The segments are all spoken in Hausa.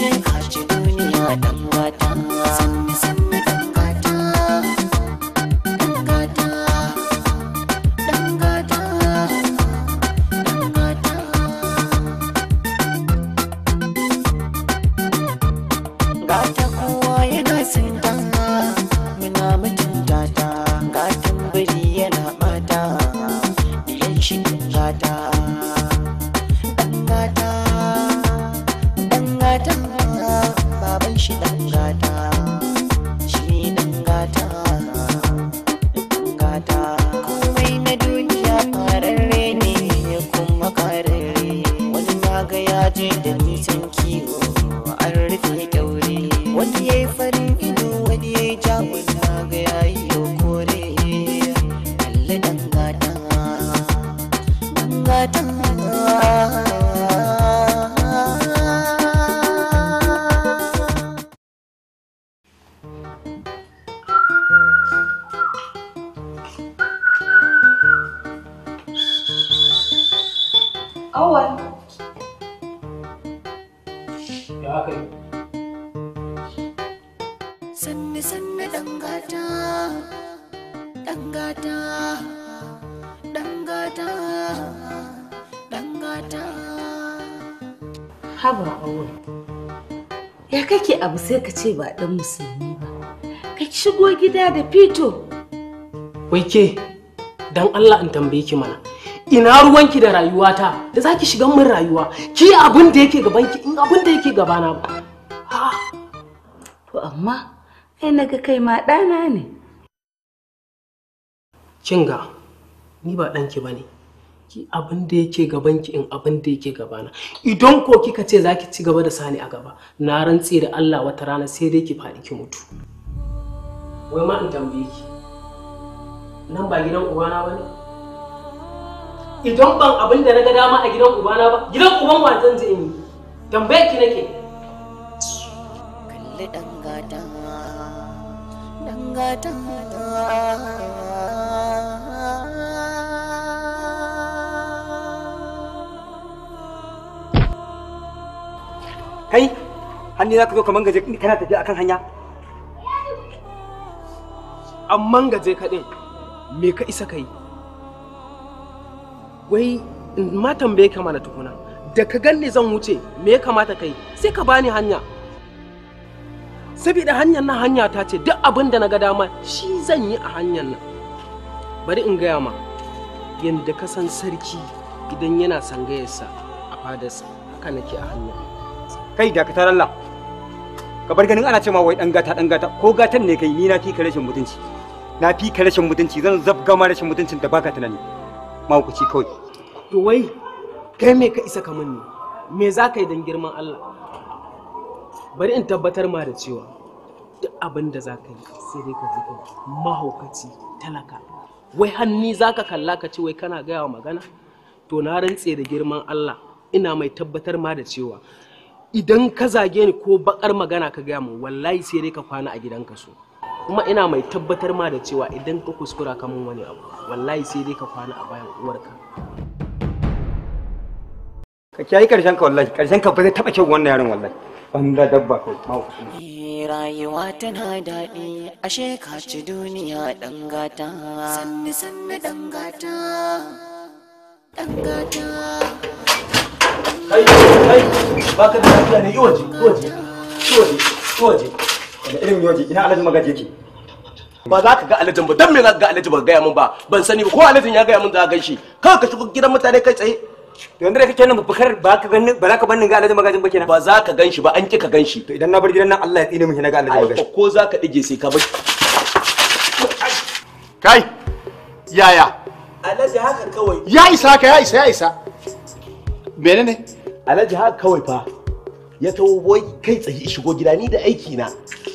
passion. dangata dangata dangata haba awon ya kake abu sai ka ce ba dan musulmi ba ka shigo gida da fito wai ke dan Allah in tambaye ki mana ina ruwanki da rayuwata da za ki shiga min rayuwa ki abin da yake gabanki in abin da yake gabana ba to amma kai naga kai ma dana ne kin ga ni ba ɗanki ba ne ki abin da yake gabanki in abin da yake gabana idan ko kika ce za ki ci gaba da sani a gaba na rantse da Allah wata rana sai dai ki faɗi ki mutu wai ma in tambaye ki nan ba gidan ubana ba ne idan ban abin da na ga dama a gidan ubana ba gidan uban wa zan je in yi tambaye ki nake kalli dangata dangata kai hannu za ka zo ka mangaje kana tafiya akan hanya an mangaje ka din me ka isa kai wai wai ma tambaye ka mana tukuna da ka ganni zan wuce me ya kamata kai sai ka bani hanya saboda hanyar nan hanya ta ce duk abin da na ga dama shi zan yi a hanyar nan bari in gaya ma yadda ka san sarki idan yana sangayarsa a fadarsa haka nake a hanyar kai da ka Allah ka bar ganin ana cewa wai dan gata dan gata ko gatan ne kai ni na fi ka rashin mutunci na fi ka rashin mutunci zan zabga ma rashin mutuncin da baka tunani ma hukuci kawai to wai kai me ka isa kamar ni me za ka yi dan girman Allah bari in tabbatar ma da cewa duk abin da za ka yi sai dai ka zika mahaukaci talaka wai hanni za ka kalla ka ce wai kana gaya wa magana to na rantse da girman Allah ina mai tabbatar ma da cewa idan ka zage ni ko bakar magana ka gaya min wallahi sai dai ka kwana a gidanka so kuma ina mai tabbatar ma da cewa idan ka kuskura ka mun wani abu wallahi sai dai ka kwana a bayan uwarka ka kiyaye karshen ka wallahi karshen ka ba zai taba kyau wannan yaron wallahi banda dabba ko eh, rayuwa tana daɗi ashe ka ci duniya dan gata sanni sanni dan gata dan gata kai kai baka da lafiya ne iwaje iwaje iwaje iwaje da irin iwaje ina alhaji magaji yake ba za ka ga alhajin ba dan me za ka ga alhaji ba gaya min ba ban sani ba ko alhajin ya gaya min za ka ganshi kawai ka shigo gidan mutane kai tsaye to yanzu da kake nan bukar ba ka ganin ba za ka bannin ga alhaji magajin ba kenan ba za ka ganshi ba an ki ka ganshi to idan na bar gidan nan Allah ya tsine min na ga alhaji magajin ko za ka dige sai ka bar kai yaya alhaji haka kawai ya isa haka ya isa ya isa mene ne. alhaji haka kawai fa ya taho boy kai tsaye shigo gida ni da aiki na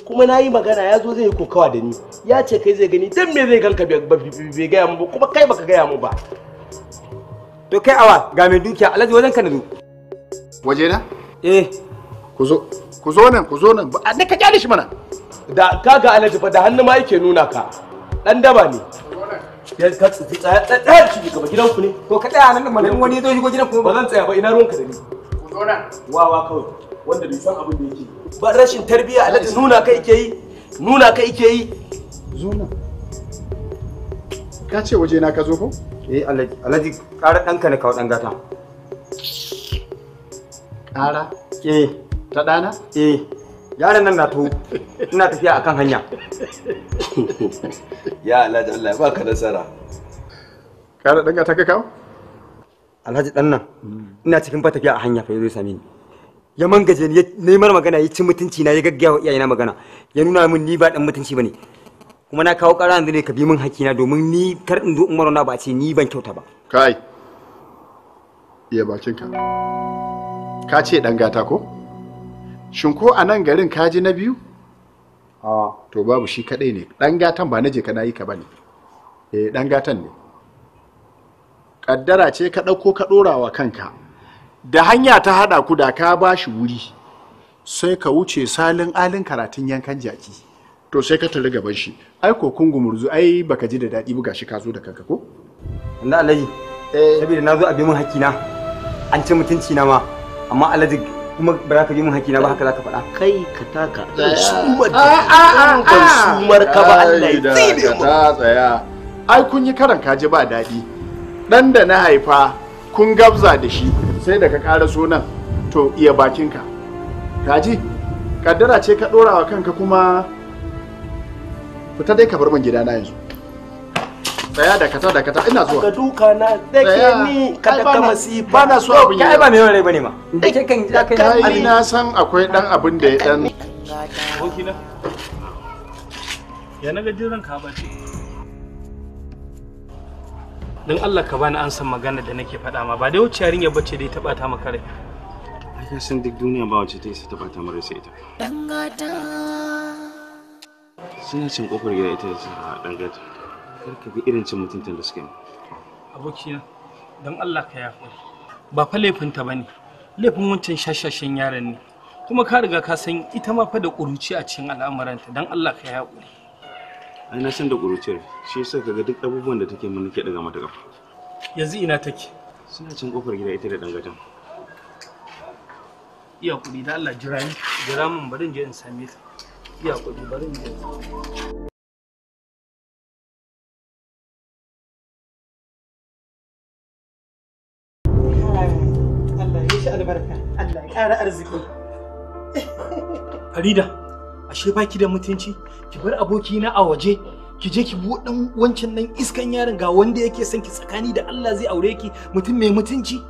kuma na yi magana ya zo zai yi kokawa da ni ya ce kai zai gani dan me zai ganka bai gaya mu ba kuma kai baka gaya mu ba to kai awa ga mai dukiya alhaji wajen ka na zo waje na eh ku zo ku zo nan ku zo nan ba ka kyale shi mana da kaga alhaji fa da hannu ma yake nuna ka dan daba ne ya ka tsaye tsayar ciki gaba gidan ku ne to ka tsaya nan mana wani ya zo shigo gidan ku ba zan tsaya ba ina ruwanka da ni ku zo nan wawa kawai wanda bai san abin da yake ba rashin tarbiyya alhaji nuna kai ke yi nuna kai ke yi zo nan ka ce waje na ka zo ko eh alhaji alhaji ƙara ɗanka ne kawo ɗan gata ƙara eh ta ɗana eh yaran nan na to ina tafiya akan hanya ya alhaji Allah ba ka nasara ka da danga ta kawo alhaji dan nan ina cikin ba tafiya a hanya fa yazo same ni ya mangaje ni ne mar magana ya ci mutunci na ya gaggawa iyayena magana ya nuna min ni ba dan mutunci bane kuma na kawo ƙara yanzu ne ka bi min hakina domin ni kar in zo in marona ba ce ni ban kyauta ba kai iya ka ka ce dan gata ko Shin ko a nan garin ka ji na biyu? A. To babu shi kaɗai ne. Ɗan gatan ba na je ka na yi ka ba ne. Eh ɗan gatan ne. Ƙaddara ce ka dauko ka ɗora wa kanka. Da hanya ta haɗa ku da ka ba shi wuri. Sai ka wuce salin alin karatun yankan jaki. To sai ka tare gaban shi. Ai ko kun gumurzu ai baka ji da daɗi buga shi ka zo da kanka ko? Allah Alhaji. Eh. Saboda na zo a bi min hakkina. An ci mutunci na ma. Amma alaji kuma ba za ka yi mun hakina ba haka za ka faɗa kai ka taka sumar ka sumar ka ba Allah ya tsine mu ta tsaya ai kun yi karan kaji ba daɗi dan da na haifa kun gabza da shi sai da ka ƙara sunan to iya bakinka kaji kaddara ce ka ɗora wa kanka kuma fita dai ka bar min gidana yanzu tsaya dakata dakata ina zuwa ka duka na dake ni ka kama si ba na so abin yi kai ba mai rai bane ma dake kan da yi ai na san akwai dan abin da ya dan boki na ya naga jiran ka ba ce. dan Allah ka bani an san magana da nake faɗa ma ba dai wuce ya bace dai ta bata maka rai ka san duk duniya ba wacce ta isa ta bata mara sai ita dan gata suna cin kofar gida ita da dan gata kar ka bi irin cin mutuntun da suke abokina don Allah ka yafa ba fa laifinta ba ne, laifin wancan shashashen yaron ne kuma ka riga ka san ita ma fa da ƙuruci a cikin al'amuranta don Allah ka yafa ai na san da ƙuruciyar shi yasa kaga duk abubuwan da take mun nake daga mata kafa yanzu ina take suna cin kofar gida ita da dangatan iya kuɗi da Allah jira jira min bari in je in same ta iya kuɗi bari in je albarka Allah ya ƙara arziki Farida ashe baki da mutunci ki bar aboki na a waje ki je ki buɗan wancan nan iskan yaron ga wanda yake son ki tsakani da Allah zai aure ki mutum mai mutunci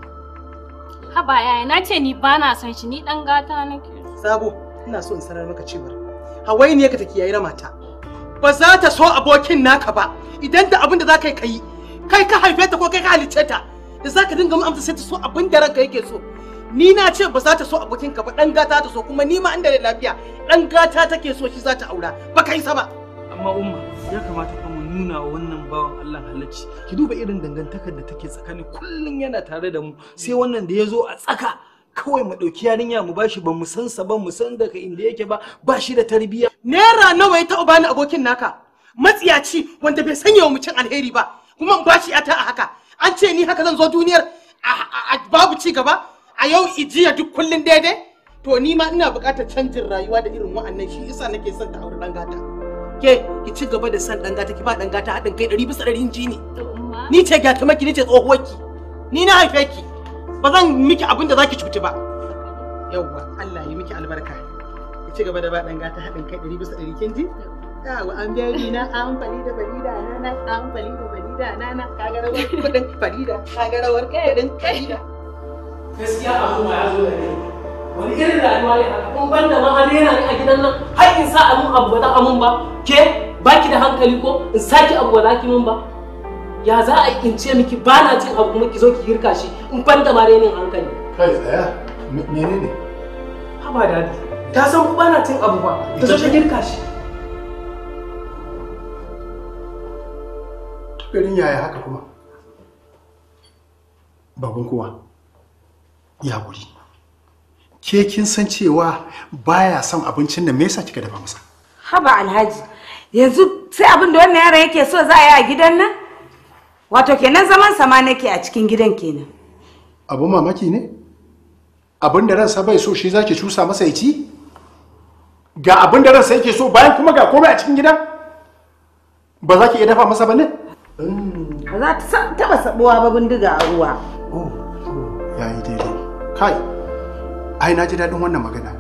Haba yaya na ce ni ba na son shi ni dan gata nake Sabo ina so in sanar maka cewa Hawaii ne ka take yayi ramata ba za ta so abokin naka ba idan da abin da za ka yi kai kai ka haife ta ko kai ka halicce ta da za ka dinga mu amsa sai ta so abin da ranka yake so ni na ce ba za ta so abokin ka ba dan gata ta so kuma ni ma inda da lafiya dan gata take so shi za ta aura ba kai sa ba amma umma ya kamata ka mu nuna wannan bawan Allah halacci ki duba irin dangantakar da take tsakani kullun yana tare da mu sai wannan da ya zo a tsaka kawai mu ɗauki yarinya mu bashi ba mu san sa ba mu san daga inda yake ba ba shi da tarbiyya naira nawa ya taɓa bani abokin naka matsiyaci wanda bai sanya wa mutum alheri ba kuma in bashi ta a haka an ce ni haka zan zo duniyar babu ci gaba a yau ijiya duk kullun daidai to ni ma ina buƙatar canjin rayuwa da irin wa'annan shi isa nake son ta aure dan gata ke ki ci gaba da son dan gata ki ba dan gata haɗin kai ɗari bisa ɗari inji ne ni ce gata maki ni ce tsohuwarki ni na haife ki ba zan miki abin da zaki cuti ba yauwa Allah ya miki albarka ki ci gaba da ba dan gata haɗin kai ɗari bisa ɗari kin ji yawa an biya ni na an fali da farida na na an fali da farida na na kaga rawar kuɗin farida kaga rawar kuɗin farida gaskiya abin ba ya zo da rai wani irin rayuwa ne haka kun banda ma an rena ni a gidan nan har in sa amun abu ba amun ba ke baki da hankali ko in saki abu ba zaki ki mun ba ya za a kince miki ba na cin abu kuma ki zo ki girka shi in banda ma renin hankali kai tsaya menene haba dadi ta san ku ba na cin abu ba ta zo ta girka shi garin yaya haka kuma baban kowa ya guri ke kin san cewa baya son abincin da me yasa kika dafa masa haba alhaji yanzu sai abin da wannan yaron yake so za a yi a gidan nan wato kenan zaman sama nake a cikin gidan kenan abu mamaki ne abin da ransa bai so shi zaki cusa masa ya ci ga abin da ransa yake so bayan kuma ga komai a cikin gidan ba za ki iya dafa masa ba ne ba za ta taba sabuwa ba bindiga a ruwa oh, oh, ya yi daidai kai ai na ji daɗin wannan magana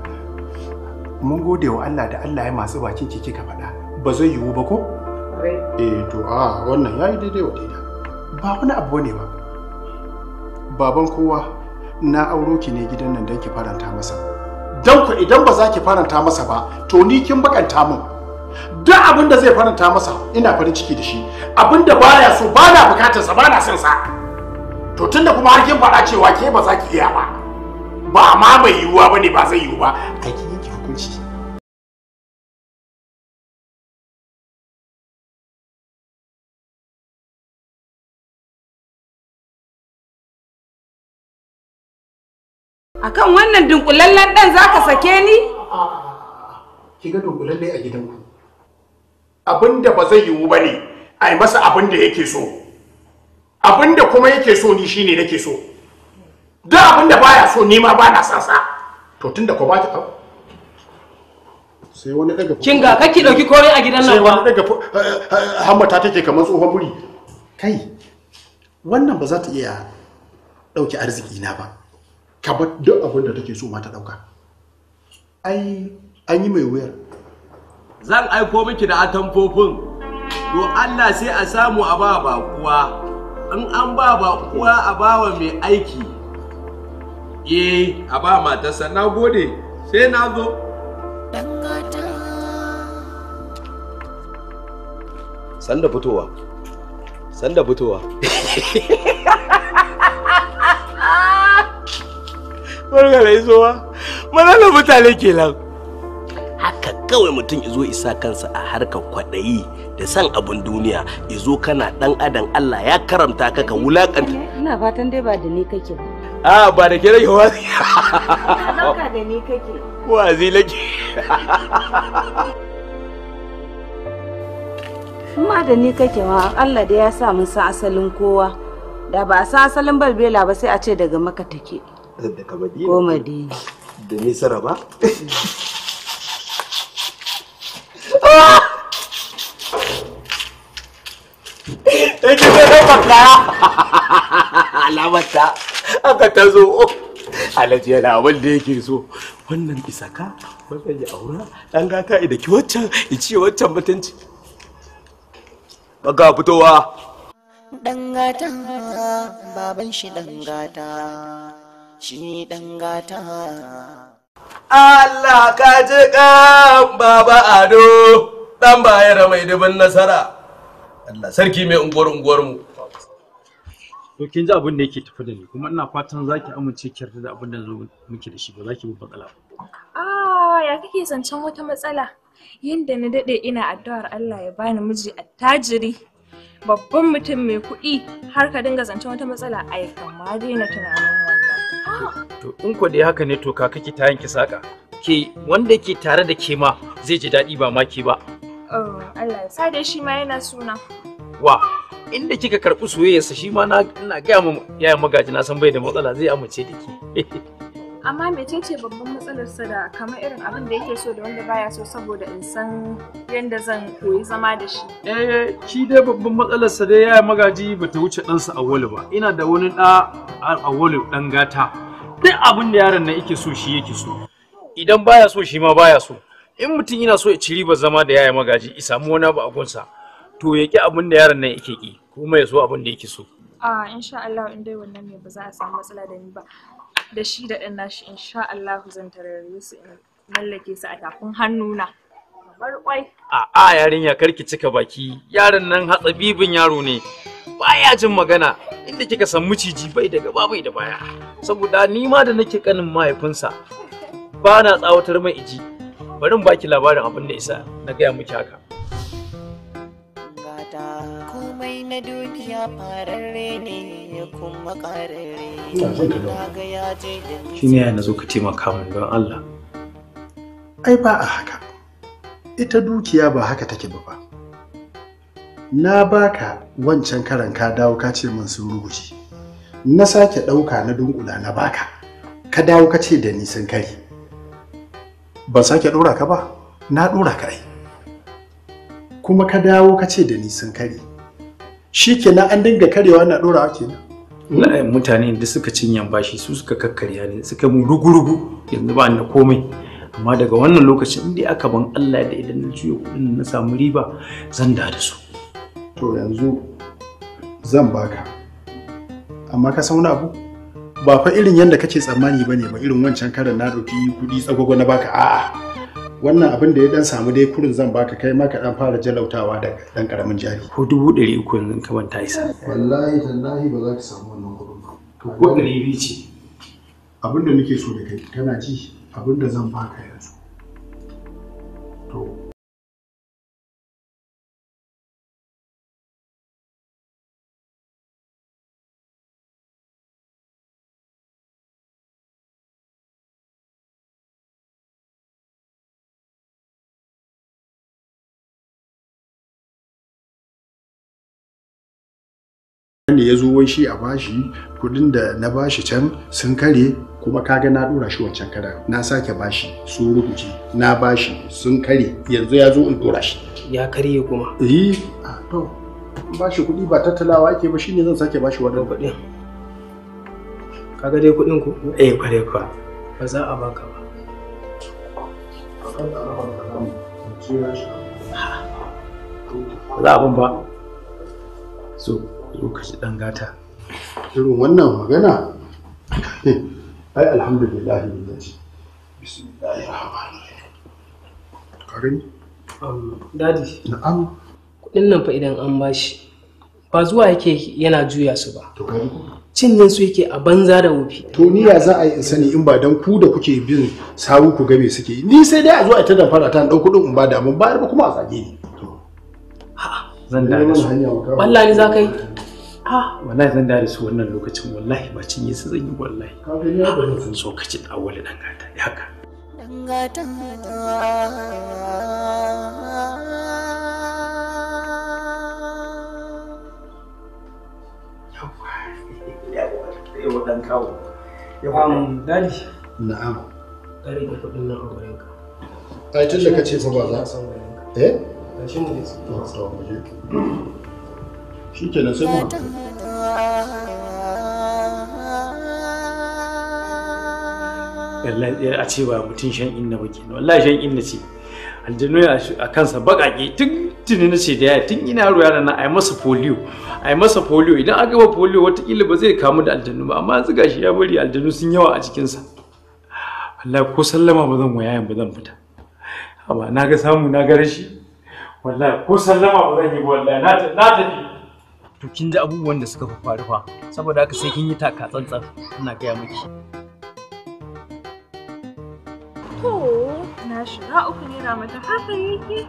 mun gode wa Allah da Allah ya masu bakin ciki kika faɗa ba zai yiwu ba ko eh to a wannan yayi daidai wa daida ba wani abu ne ba baban kowa na auro ki ne gidan nan don ki faranta masa don ku idan ba za ki faranta masa ba to ni kin bakanta min duk abin da zai faranta masa ina farin ciki da shi abin da baya so bana bukatarsa bana son sa to tunda kuma har kin faɗa cewa ke ba za ki iya ba ba ma mai yiwuwa ba ne ba zai yiwu ba a yi yanke hukunci akan wannan dunkulallen dan zaka sake ni ki ga dunkulalle a gidanku abinda ba zai yiwu bane ai masa abinda yake so abinda kuma yake so ni shine nake so duk abin da baya so ni ma bana son sa to tunda ko ba ta kawo sai wani daga kin ga kake dauki komai a gidan nan ba sai wani daga eh, eh, eh, hammata take kamar tsohon muri kai wannan ba za ta iya dauki arziki na ba ka bar duk abin da take so ma ta dauka ai an yi mai wuyar zan aiko miki da atamfofin to Allah sai a samu a ba kuwa, in an ba kuwa a bawa mai aiki eh a ba matarsa na gode sai na zo sanda fitowa sanda fitowa barka da "Mana matsalar mutane kenan haka kawai mutum izo isa kansa a harkar kwaɗayi da san abin duniya izo kana ɗan adam allah ya karamta ka ka wulaƙanta ina fatan dai ba da ni kake ba a ba da ke rage wazi da ni kake wazi lake ma da ni kake ma Allah da ya sa mun san asalin kowa da ba a san asalin balbela ba sai a ce daga maka take daga ko madina da misira ba Eki ne bakara. Alamata. aka ta zo alhaji yana abin da yake so wannan isaka wannan yi aura dan gata ida ki waccan ici waccan mutunci baka fitowa dan gata baban shi dan shi dan gata Allah ka ji kan baba ado dan bayar mai dubin nasara Allah sarki mai unguwar unguwar mu to kin ji abin da yake tafi da ni kuma ina fatan za ki amince ki yarda da abin da zo miki da shi ba za ki bi kala. ba ah ya kake zancen wata matsala yinda na daɗe ina addu'ar Allah ya bani miji attajiri babban mutum mai kuɗi har ka dinga zancen wata matsala ai ma daina tunanin wannan to in ko dai haka ne to ka kake ta yanki saka ke wanda ke tare da ke ma zai ji daɗi ba ma ke ba oh, Allah ya dai shi ma yana suna wa inda kika karɓi soyayyarsa shi ma na ina gaya ma yayan magaji na san bai da matsala zai amince da ke. Amma mecece babban matsalarsa da kamar irin abin da yake so da wanda baya so saboda in san yadda zan koyi zama da shi. Eh shi dai babban matsalarsa dai yaya magaji bata wuce ɗansa Awolu ba. Ina da wani ɗa Awolu ɗan gata. Duk abin da yaron nan yake so shi yake so. Idan baya so shi ma baya so. In mutum yana so ya ci ribar zama da yaya magaji, isa mu wani abu a gunsa. to ya ki abin da yaron nan yake ki kuma ya so abin da yake so a insha Allah in dai wannan ne ba za a samu matsala da ni ba da shi da ɗan nashi insha Allah zan tarare su in mallake su a tafin hannuna kamar kwai a a ya karki cika baki yaron nan hatsabibin yaro ne baya jin magana inda kika san miciji bai da gaba bai da baya saboda ni ma da nake kanin mahaifinsa ba na tsawatar mai iji bari in baki labarin abin da isa na gaya miki haka fata komai na dukiya fararre ne ya kuma karare na ga ya je da shi ne yana zo ka taimaka min don Allah ai ba a haka ita dukiya ba haka take ba ba na baka wancan karan ka dawo ka ce min sun rubuce, na sake ɗauka na dunkula na baka ka dawo ka ce da ni sun kare ban sake ɗora ka ba na ɗora ka ai kuma ka dawo ka ce da ni sun kare shi kenan an dinga karewa na ɗorawa mutane da suka cinyan bashi su suka kakkarya ne suka mu rugurugu, yanzu ba na komai amma daga wannan lokacin inda aka ban Allah da idan na ciyo kudin na samu riba zan da su to yanzu zan baka amma ka wani abu ba fa irin yadda kake tsammani bane ba irin wancan karan na dauki kudi tsagwago na baka a'a wannan abin da ya dan samu dai kurin zan baka kai maka dan fara jalautawa da dan karamin jari ko dubu ɗari uku yanzu ka ban ta isa wallahi tallahi ba za ki samu wannan kurin ba to ko ɗari biyu ce abin da nake so da kai kana ji abin da zan baka yanzu to ne ya zo wai shi a bashi kudin da na bashi can sun kare kuma kaga na dora shi wancan kada na sake bashi su rubuce na bashi sun kare yanzu ya zo in dora shi ya kare kuma eh a to bashi kudi ba tattalawa ake ba shine zan sake bashi wannan kudin kaga dai kudin ku eh kware kwa ba za a baka ba za a ban ba so lokaci dan gata irin wannan magana ai alhamdulillah ne ce bismillahir rahmanir rahim karin dadi na'am kudin nan fa idan an bashi ba zuwa yake yana juya su ba to kai cinye su yake a banza da wofi. To ni ya za a yi sani in ba dan ku da kuke bin sawu ku game suke ni sai dai a zo a ta fara ta ɗau kudin in ba da mun bayar ba kuma a zage ni. zan da su wallahi za ka yi ha wallahi zan da su wannan lokacin wallahi ba cinye su zan yi wallahi zan so ka ci awali dan gata ya haka na'am kare da nan a wurinka ai tun da kace fa ba za eh shi mu je shi kenan sai mu wallahi a ce ba mutum shan inna ba kenan wallahi shan inna ce aljanu a kansa baƙaƙe tun tuni na ce da yaya tun ina ruwa yana na a yi masa polio a yi masa polio idan aka ba polio Wataƙila ba zai kamu da aljanu ba amma yanzu gashi ya bari aljanu sun yawa a jikinsa wallahi ko sallama ba zan waya ba zan fita amma na ga samu na ga rashi wallahi ko sallama ba zan yi ba wallahi na tafi to kin ji abubuwan da suka faru fa saboda haka sai kin yi taka tsantsan ina gaya miki to na shiga uku ne na mata haka yake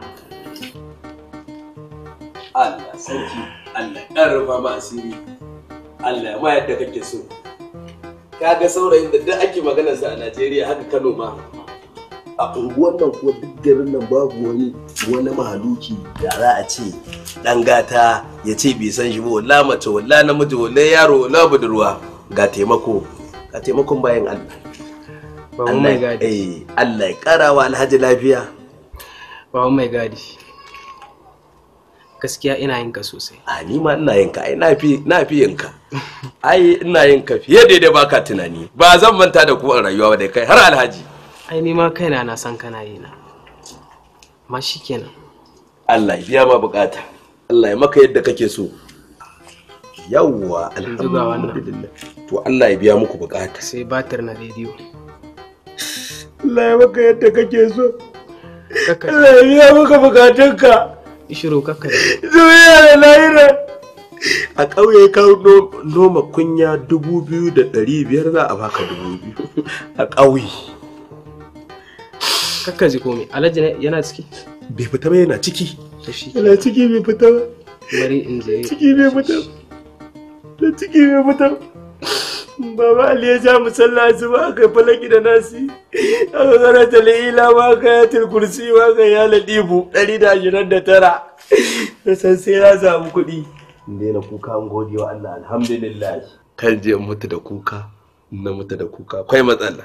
Allah sarki Allah ɗan rufa ma asiri Allah ma yadda kake so kaga saurayin da duk ake maganar sa a Najeriya haka Kano ma a unguwan kuwa duk garin nan babu wani wani mahaluki da za a ce dan gata ya ce bai san shi ba walla mace walla namiji walla yaro walla budurwa ga taimako ga taimakon bayan Allah Allah eh Allah ya kara wa Alhaji lafiya bawan mai gadi gaskiya ina yin ka sosai a ni ma ina yin ka ai na fi na fi yin ka ai ina yin ka fiye da baka tunani ba zan manta da ku a rayuwa ba da kai har Alhaji ai ni ma kaina na san kana yi na ma shikenan Allah ya biya ma bukata Allah ya maka yadda kake so yawwa alhamdulillah to Allah ya biya muku bukata sai batir na rediyo Allah ya maka yadda kake so Allah ya biya maka bukatunka shiru kaka zuwa da lahira a ƙauye ka noma kunya dubu biyu da ɗari biyar za a baka dubu biyu a ƙauye kakka ji komai alhaji yana ciki bai fita ba yana ciki yana ciki bai fita ba bari in je ciki bai fita da ciki bai fita baba ali ya ja musalla su ba kai falaki da nasi a gara ta la'ila ba kai ya tilkursi ba kai ya ladibu ɗari da ashirin da tara da san sai ya samu kuɗi daina kuka an gode wa allah alhamdulillah kan je mutu da kuka na mutu da kuka akwai matsala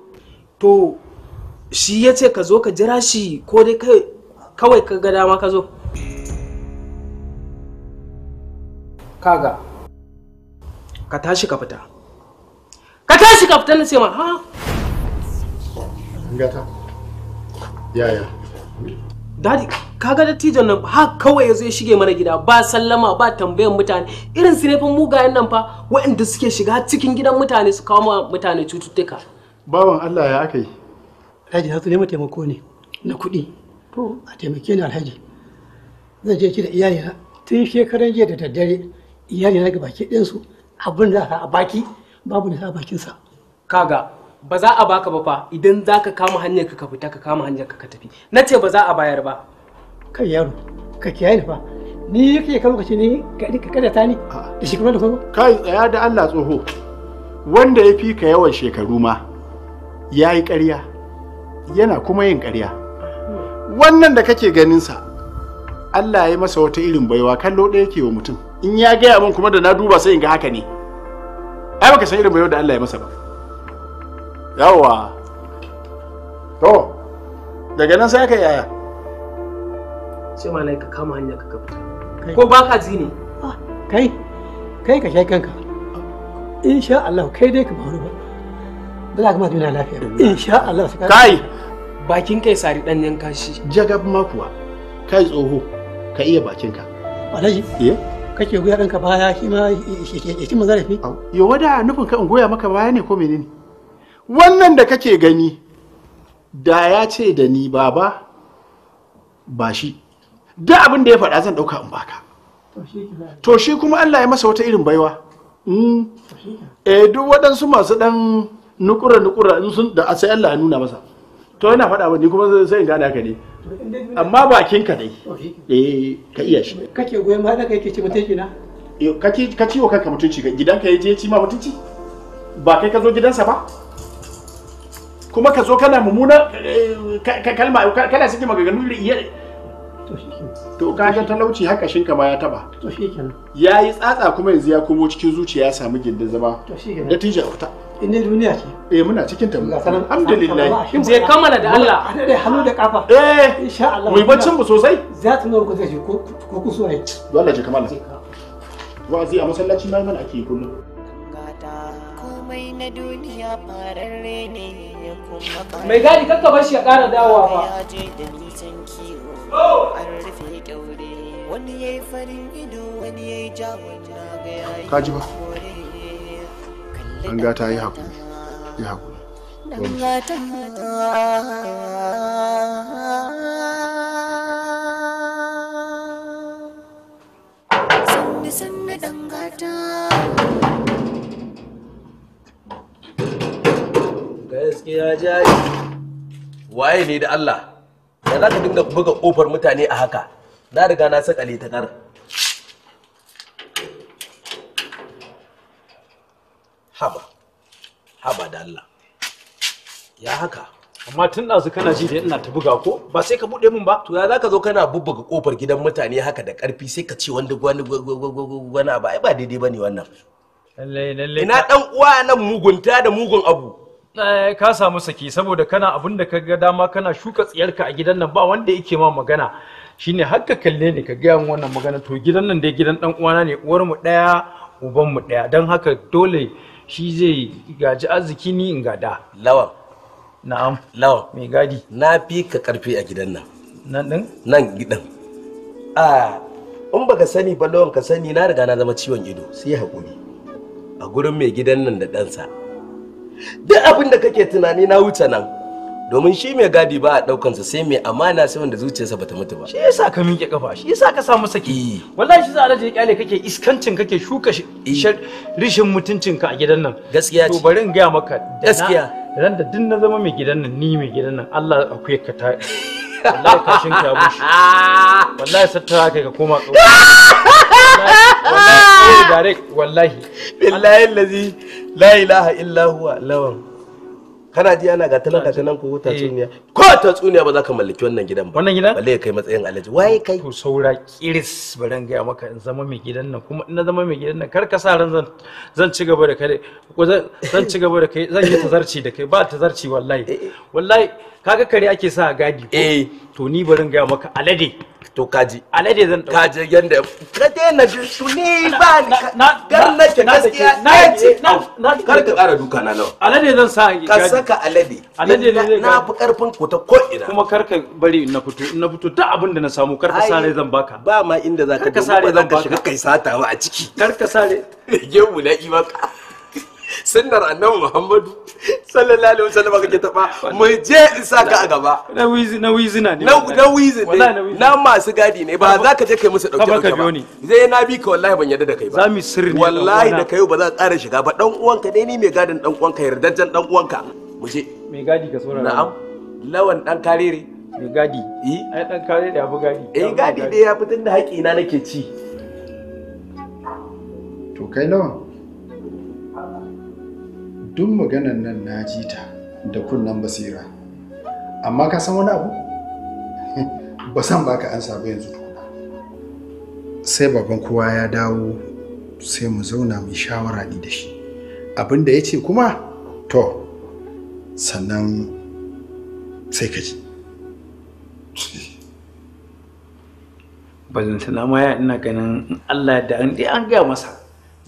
to shi ya ce ka zo ka jira shi ko dai kawai ka ga dama ka zo kaga ka tashi ka fita ka tashi ka fita na ce ma ha gata yaya dadi kaga tijon nan ha kawai ya zo ya shige mana gida ba sallama ba tambayan mutane irin sirefin mugayen nan fa waɗanda suke shiga cikin gidan mutane su kawo mutane cututtuka bawan Allah ya aka yi alhaji za su nema taimako ne na kuɗi to a taimake ni alhaji zan je ki da iyalina tun shekaran jiya da daddare iyalina ga baki su abin da a baki babu da a bakin sa. kaga ba za a baka ba fa idan za ka kama hanyar ka fita ka kama hanyar ka tafi na ce ba za a bayar ba kai yaro ka kiyaye ni fa ni yake ka ce ni ka kada ta ni da shekaru da kuma kai tsaya da Allah tsoho wanda ya fi ka yawan shekaru ma ya yi ƙarya yana kuma yin ƙarya wannan da kake ganinsa Allah ya masa wata irin baiwa kallo ɗaya ke wa mutum in ya gaya min kuma da na duba sai in ga haka ne ai baka san irin baiwa da Allah ya masa ba yawa to daga nan sai ka yaya sai malai ka kama hanya ka fita ko ba ka ji ne ah, kai kai ka shai kanka insha Allah kai dai ka ba wani ba ba za ka mata yana lafiya insha Allah su kai bakin kai sari dan yanka shi jagab ma kuwa kai tsoho ka iya bakin ka wallahi eh kake goya ɗanka baya shi ma shi ma zarafi yo wada nufin ka in goya maka baya ne ko menene wannan da kake gani da ya ce da ni baba ba shi da abin da ya faɗa zan ɗauka in baka to shi kuma Allah ya masa wata irin baiwa hmm? eh duk waɗansu masu ɗan nukura nukura in sun da sai Allah ya nuna masa to yana faɗa ba ni kuma sai in gane ka ne amma bakin ka dai eh ka iya shi kake goyon ma da kake ci mutunci na kake ka ciwo kanka mutunci gidanka yaje ya ci ma mutunci ba kai ka zo gidansa ba kuma ka zo kana mumuna kalma kana saki maganganu da iya to ga talauci haka ka ma ya taba to shikenan yayi tsatsa kuma yanzu ya komo cikin zuciya ya samu gindin zama to shikenan da tija fita in duniya ce eh muna cikin ta alhamdulillah zai kammala da Allah da dai hannu da kafa eh insha Allah mai baccin mu sosai za ta nuna ku zai ko ko ku so ne Allah ji kamala wa'azi a masallaci mai mana ake kullum komai na duniya fararre ne ya kuma mai gadi kakka bar shi ya kara dawowa ba ya je oh! farin ido wani yayi jawo na ga yayi ba an ga ta yi haƙuri yi haƙuri jari waye ne da Allah da za ka dinga buga ƙofar mutane a haka na riga na sakale ta kar haba haba da Allah ya haka amma tun ɗazu kana ji da ina ta buga ko ba sai ka buɗe min ba to ya zaka zo kana bubbuga kofar gidan mutane haka da ƙarfi sai ka ce wanda gwani gwana ba ai ba daidai bane wannan ina dan uwa nan mugunta da mugun abu ka samu saki saboda kana abin da ka ga dama kana shuka tsiyarka a gidan nan ba wanda yake ma magana shine har ka kalle ne ka gaya wannan magana to gidan nan dai gidan dan uwana ne uwar mu daya uban mu ɗaya don haka dole shi zai gaji arziki ni in gada lawan na'am lawan mai gadi na fi ka karfi a gidan nan nan din nan gidan a in baka sani ba lawan ka sani na riga na zama ciwon ido sai haƙuri. a gurin mai gidan nan da ɗansa duk abin da kake tunani na wuce nan domin shi mai gadi ba a daukansa sai mai amana sai wanda zuciyarsa bata mutu ba shi yasa ka miƙe kafa shi yasa ka samu saki eh. wallahi shi za a ya kyale kake iskancin kake shuka eh. rishin mutuncin ka a gidan nan gaskiya to bari in gaya maka gaskiya ran da duk na zama mai gidan nan ni mai gidan nan Allah akwai ka ta wallahi kashin ka bushe wallahi sattara kai ka koma wallahi direct wallahi billahi allazi la ilaha illa huwa lawan kana ji ana gatanan nan eh. ko tsuniya ko tsuniya ba za ka mallaki wannan gidan ba wannan gidan balle kai matsayin alaji wai kai to saura kiris baran ga maka in zama mai gidan nan kuma in na zama mai gidan nan kar ka sa ran zan zan ci gaba da kai ko zan ci gaba da kai zan yi tazarci da kai ba tazarci wallahi eh, eh. wallahi kaga kare ake sa gadi eh to ni barin ga maka alade to kaji alade zan dauka kaji yanda ka daina su ne ba na gar nake gaskiya na ci eh, na kar ka kara duka na nawa alade zan sa gadi. ka saka alade alade ne na fi karfin ku ta ko ina kuma kar ka bari na fito na fito ta abinda da na samu kar ka sare zan baka ba ma inda zaka ka sare zan baka shiga kai satawa a ciki kar ka sare yau na yi sunnar annabi muhammadu sallallahu alaihi wasallam kake taba mu je in saka a gaba na wizi na wizi na ne na wizi ne na masu gadi ne ba za ka je kai musu dauke dauke ba zai na bi ka wallahi ban yarda da kai ba zamu sirri wallahi da kai ba za ka ƙara shiga ba dan uwanka dai ni mai gadin dan uwanka yardajjan dan uwanka mu je mai gadi ka saurara na'am lawan dan kariri mai gadi eh ai dan kariri da fi gadi eh gadi dai ya fitin da haƙi na nake ci to kai lawan duk maganan nan na ji ta da kunnen basira amma ka san wani abu ba san baka an ba yanzu sai baban kowa ya dawo sai mu zauna mu shawara ni da shi abin da ya ce kuma to sannan sai ka ji zan ma ya ina ganin allah da an an gaya masa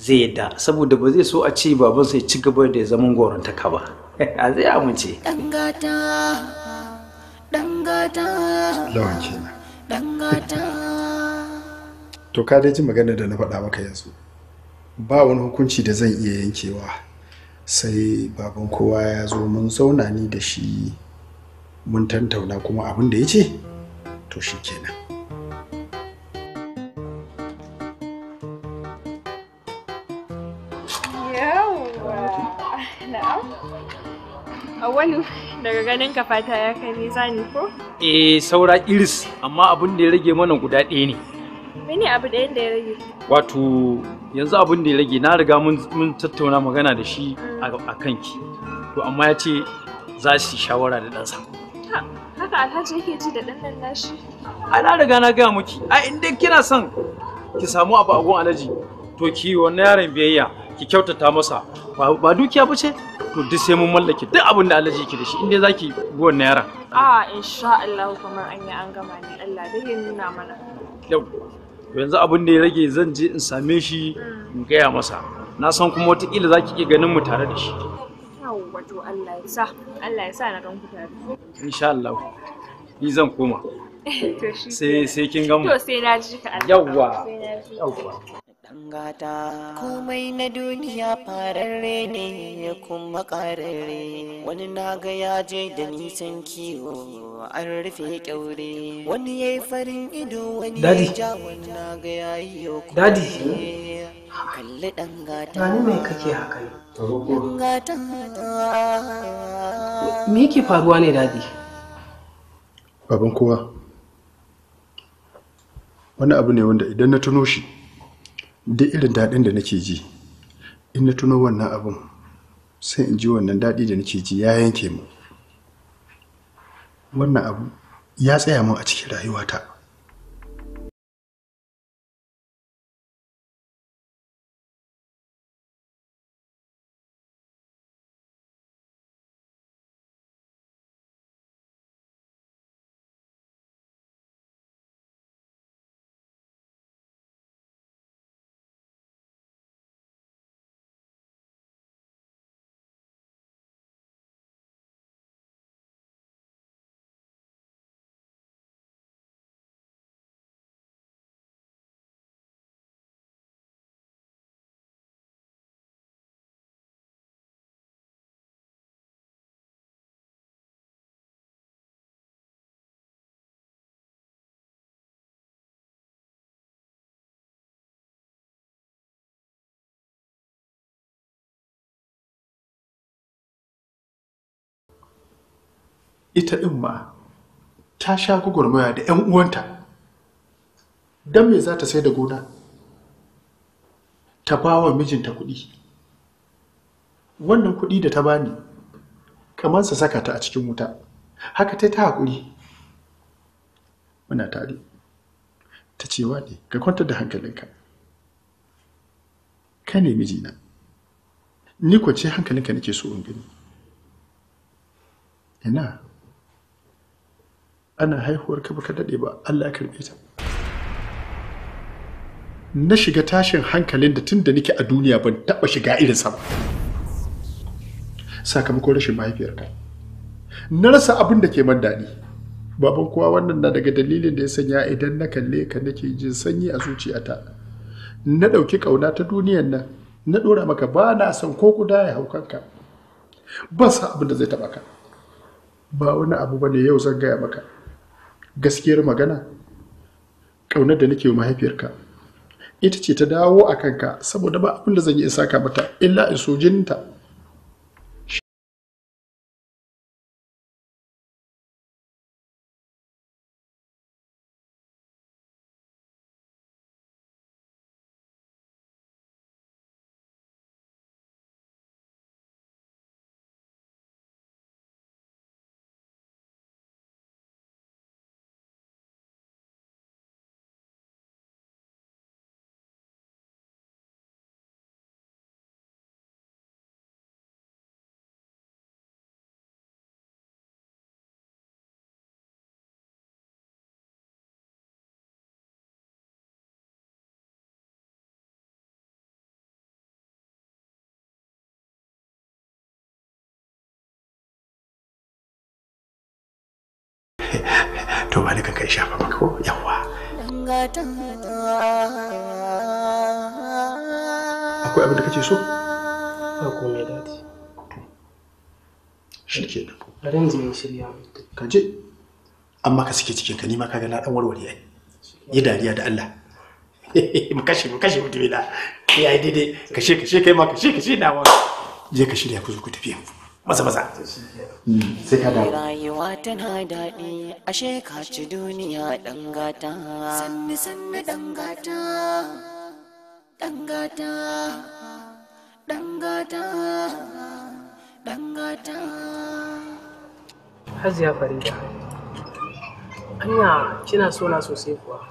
zai yadda saboda ba zai so a ce baban sai ci gaba da zaman gorantaka ba a zai amince dangata dangata lawan na dangata to ka dai ji magana da na faɗa maka yanzu ba wani hukunci da zan iya yankewa sai baban kowa ya zo mun zauna ni da shi mun tantauna kuma abin da ya ce to shi kenan wani daga ganin ka fata ya kai mizani ko? Eh saura iris amma abin da ya rage mana guda ɗaya ne. Mene abu ɗayan da ya rage? Wato yanzu abin da ya rage na riga mun tattauna magana da shi mm. a kanki. To amma ya ce za su shawara da ɗansa. Haka alhaji yake ji da ɗan nan nashi? Ai na riga na gaya miki. Ai in dai kina son ki samu abu a gun alhaji to ki wannan yaron biyayya ki kyautata masa ba dukiya ba ce? to duk sai mun mallake duk abin da Allah yake da shi inda zaki bi wannan yaran a insha Allah kamar an yi an gama ne Allah dai ya nuna mana yau yanzu abin da ya rage zan je in same shi mm. in gaya masa na san kuma watakila za ki iya ganin mu tare da shi wato Allah ya sa Allah ya sa na gan ku tare insha Allah ni zan koma sai sai kin gama. to sai na ji ka Allah yawwa yawwa mahangata komai na duniya fararre ne ya kuma kararre wani na ga ya je da nisan kiwo an rufe kyaure wani ya yi farin ido wani ya ja wani na ga ya yi yau dadi kalli dan gata ni mai kake haka ne me yake faruwa ne dadi baban kowa wani abu ne wanda idan na tuno shi duk irin daɗin da nake ji in na tuno wannan abin sai in ji wannan daɗi da nake ji ya yanke mu wannan abu ya tsaya mun a cikin rayuwata ita ɗin ma ta sha gugurmaya da 'yan uwanta don me za ta sai da gona ta ba wa mijinta kuɗi wannan kuɗi da ta bani kamar sa saka ta a cikin wuta haka ta ta haƙuri muna tare ta cewa ne ka kwantar da hankalinka ka ne mijina ni kwace hankalinka nake so in gani ina ana haihuwar ka baka daɗe ba Allah ya karɓe ta na shiga tashin hankalin da tun da nake a duniya ban taɓa shiga sa ba sakamakon rashin mahaifiyarka na rasa abin da ke man daɗi baban kuwa wannan na daga dalilin da ya sanya idan na kalle ka nake jin sanyi a zuciyata na ɗauki ƙauna ta duniyan nan na ɗora maka ba na son ko kuda ya hau kanka ba sa abin da zai taɓa ka ba wani abu ba ne yau zan gaya maka gaskiyar magana ƙaunar da nake wa mahaifiyarka ita ce ta dawo a kanka saboda ba abin da zan yi in saka mata illa in so jininta ba dukan kai shafa ba ko yawa akwai abin da kace so ba komai dadi shi ke nan bari mu zo shirya ka je amma ka sike cikin ka nima kaga na dan warware ai yi dariya da Allah mu kashe mu kashe mutumina ya yi daidai kashe kashe kai ma kashe kashe nawa je ka shirya ku zo ku tafi yanzu masa masa hmm, sai ka dawo rayuwa tana daɗi ashe ka ci duniya dangata sanni sanni dangata dangata dangata dangata haziya farida anya kina so na sosai kuwa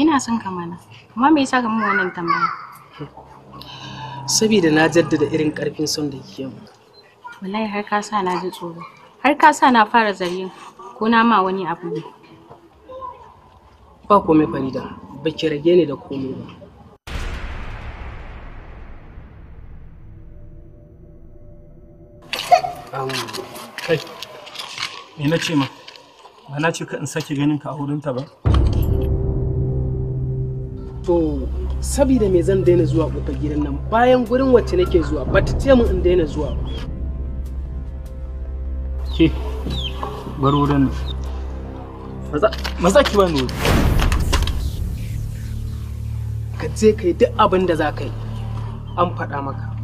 ina son ka mana amma me yasa ka mun wannan tambaya saboda na jaddada irin karfin son da kike mu wallahi har ka sa na ji tsoro har ka sa na fara zargin ko na ma wani abu ne ba komai farida ba ki rage ni da komai ba kai me na ce ma ba na ce ka in sake ganin ka a wurinta ba to sabida me zan daina zuwa kofar gidan nan bayan gurin wacce nake zuwa ba ta ce min in daina zuwa ba Ke, bar wurin Maza Ka je ka yi duk abin da za ka yi. An faɗa maka.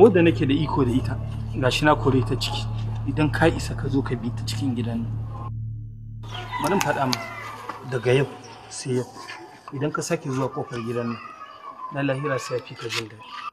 wadda nake da iko da ita. Gashi na kore ta ciki. Idan ka isa ka zo ka bi ta cikin gidan nan. Bari faɗa maka. Daga yau sai yau. Idan ka sake zuwa kofar gidan nan. Na lahira sai fi ka jin daɗi.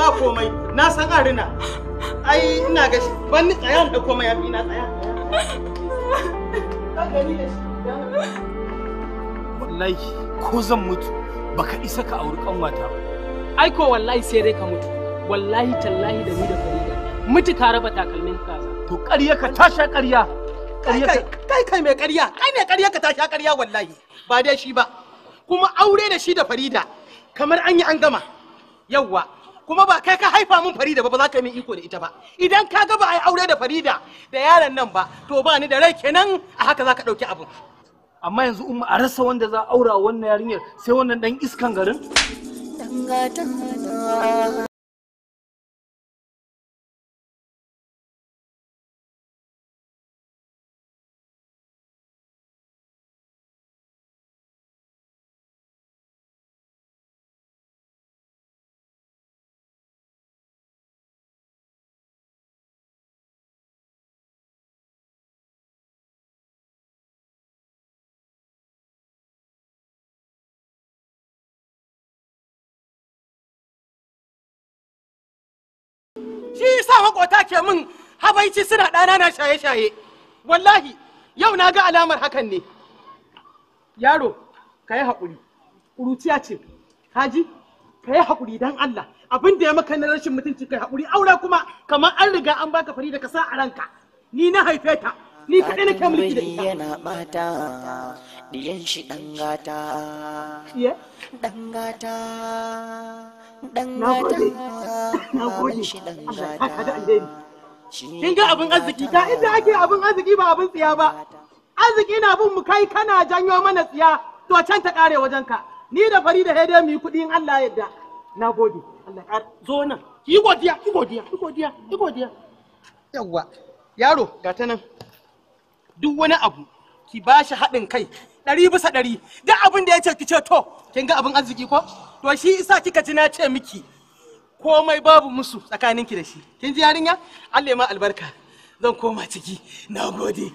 ba komai na san arina ai ina ga shi ban ni tsaya da komai ya na tsaya wallahi ko zan mutu baka isa ka auri kanwata ba ai ko wallahi sai dai ka mutu wallahi tallahi da ni da farida mutu ka raba takalmin kaza to ƙarya ka tasha ƙarya kai kai mai ƙarya kai mai ƙarya ka tasha ƙarya wallahi ba dai shi ba kuma aure da shi da farida kamar an yi an gama yawwa kuma ba kai ka haifa min farida ba ba za ka min iko da ita ba idan ka ga ba a yi aure da farida da yaron nan ba to ba ni da rai kenan a haka za ka ɗauki abu. amma yanzu umma a rasa wanda za a aura wannan yarinyar sai wannan dan iskan garin shi sa makota ke min habaici suna ɗana na shaye-shaye wallahi yau na ga alamar hakan ne yaro ka yi haƙuri ƙuruciya ce kaji ka yi haƙuri don Allah abin da ya maka na rashin mutunci kai haƙuri aure kuma kamar an riga an baka fari da ka sa a ranka ni na haife ta ni kaɗai na kyan mulki da ita yana bata diyan shi ɗan gata ɗan dan gata baban shi kin ga abin arziki ta inda ake abin arziki ba abin tsiya ba arziki na bin mu kai kana janyo mana tsiya to can ta kare wajen ka ni da fari da haidai mu yi kuɗi Allah ya yarda na gode Allah ya zo nan ki godiya ki godiya ki godiya ki godiya yawwa yaro ga ta nan duk wani abu ki bashi haɗin kai ɗari bisa ɗari duk abin da ya ce ki ce to kin ga abin arziki ko to shi isa kika ji na ce miki komai babu musu tsakaninki da shi kin ji yarinya Allah ma albarka zan koma ciki na gode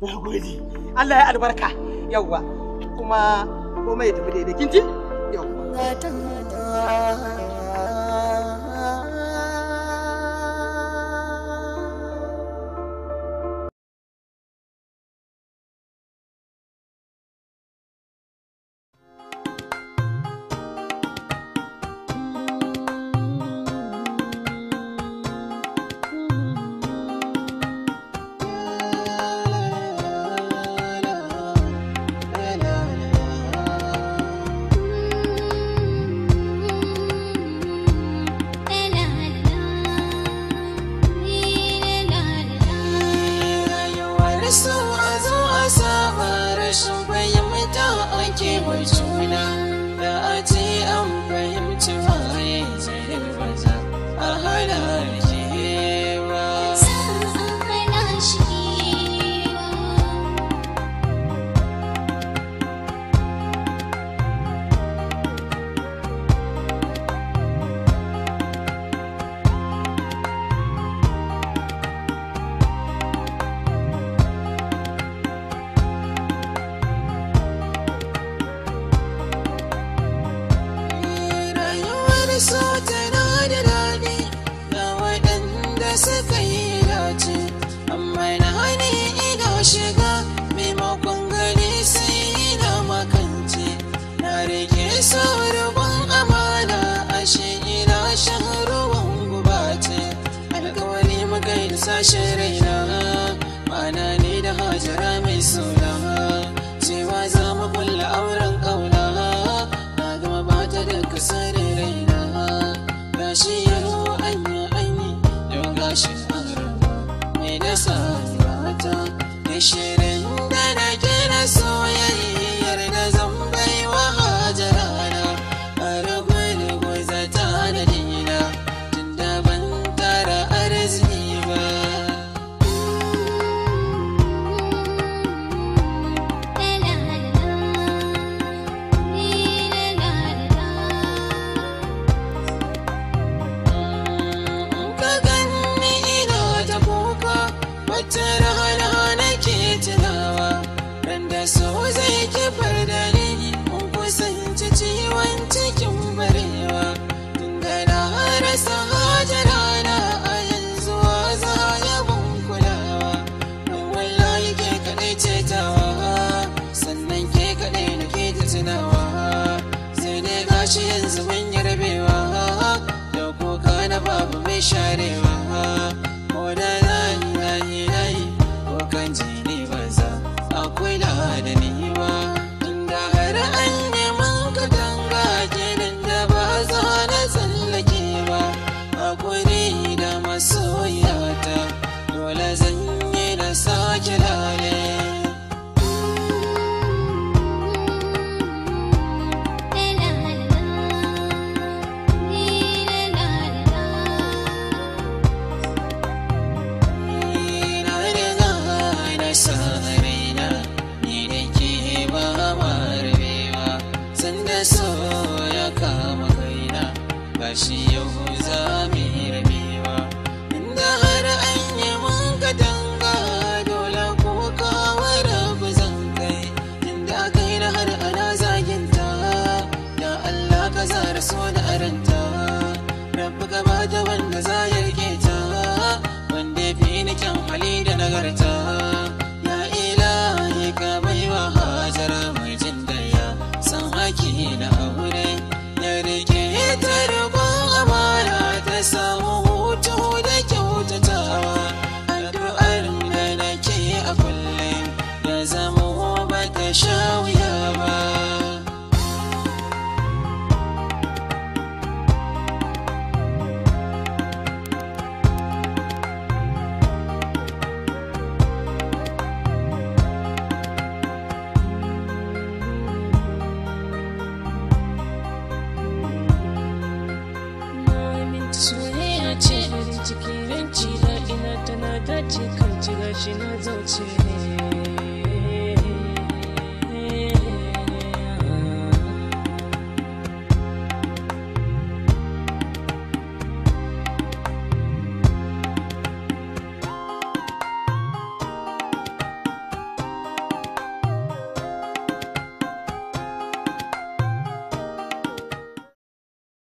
na Allah ya albarka yawwa kuma komai ya tafi daidai kin ji yawwa